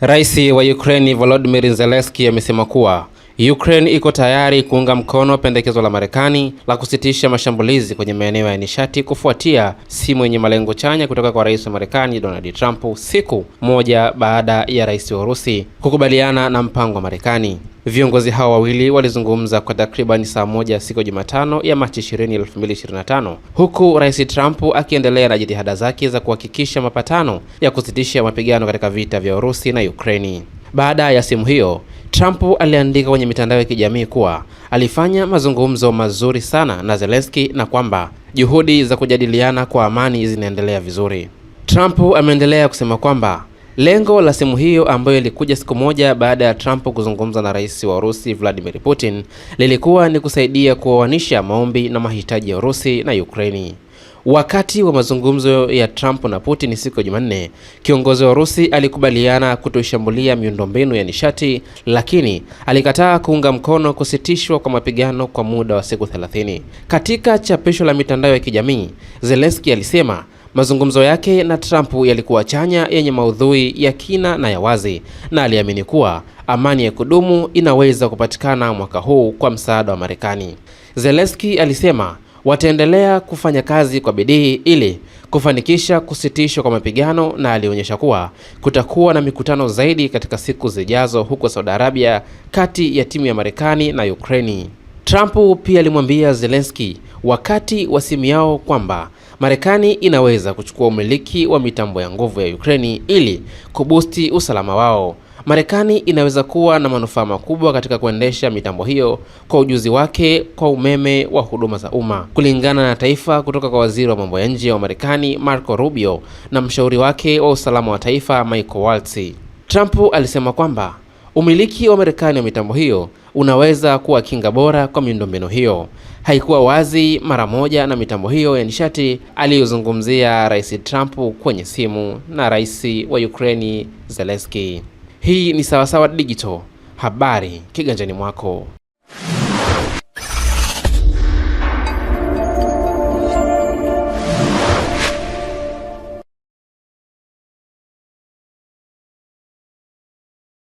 Rais wa Ukraine Volodymyr Zelensky amesema kuwa Ukraine iko tayari kuunga mkono pendekezo la Marekani la kusitisha mashambulizi kwenye maeneo ya nishati kufuatia simu yenye malengo chanya kutoka kwa Rais wa Marekani Donald Trump siku moja baada ya Rais wa Urusi kukubaliana na mpango wa Marekani. Viongozi hao wawili walizungumza kwa takribani saa moja siku ya Jumatano ya Machi 20, 2025 huku Rais Trump akiendelea na jitihada zake za kuhakikisha mapatano ya kusitisha mapigano katika vita vya Urusi na Ukraini. Baada ya simu hiyo, Trump aliandika kwenye mitandao ya kijamii kuwa alifanya mazungumzo mazuri sana na Zelensky na kwamba juhudi za kujadiliana kwa amani zinaendelea vizuri. Trump ameendelea kusema kwamba Lengo la simu hiyo ambayo ilikuja siku moja baada ya Trump kuzungumza na rais wa Urusi Vladimir Putin lilikuwa ni kusaidia kuoanisha maombi na mahitaji ya Urusi na Ukraini. Wakati wa mazungumzo ya Trump na Putin siku ya Jumanne, kiongozi wa Urusi alikubaliana kutoishambulia miundombinu ya nishati, lakini alikataa kuunga mkono kusitishwa kwa mapigano kwa muda wa siku 30. Katika chapisho la mitandao ya kijamii, Zelensky alisema Mazungumzo yake na Trump yalikuwa chanya, yenye maudhui ya kina na ya wazi, na aliamini kuwa amani ya kudumu inaweza kupatikana mwaka huu kwa msaada wa Marekani. Zelensky alisema wataendelea kufanya kazi kwa bidii ili kufanikisha kusitishwa kwa mapigano na alionyesha kuwa kutakuwa na mikutano zaidi katika siku zijazo huko Saudi Arabia kati ya timu ya Marekani na Ukraini. Trump pia alimwambia Zelensky wakati wa simu yao kwamba Marekani inaweza kuchukua umiliki wa mitambo ya nguvu ya Ukraine ili kubusti usalama wao. Marekani inaweza kuwa na manufaa makubwa katika kuendesha mitambo hiyo kwa ujuzi wake kwa umeme wa huduma za umma, kulingana na taifa kutoka kwa waziri wa mambo ya nje wa Marekani Marco Rubio na mshauri wake wa usalama wa taifa Michael Waltz. Trump alisema kwamba umiliki wa Marekani wa mitambo hiyo unaweza kuwa kinga bora kwa miundombinu hiyo. Haikuwa wazi mara moja na mitambo hiyo ya nishati aliyozungumzia Rais Trump kwenye simu na Rais wa Ukraini Zelensky. Hii ni Sawasawa Digital, habari kiganjani mwako.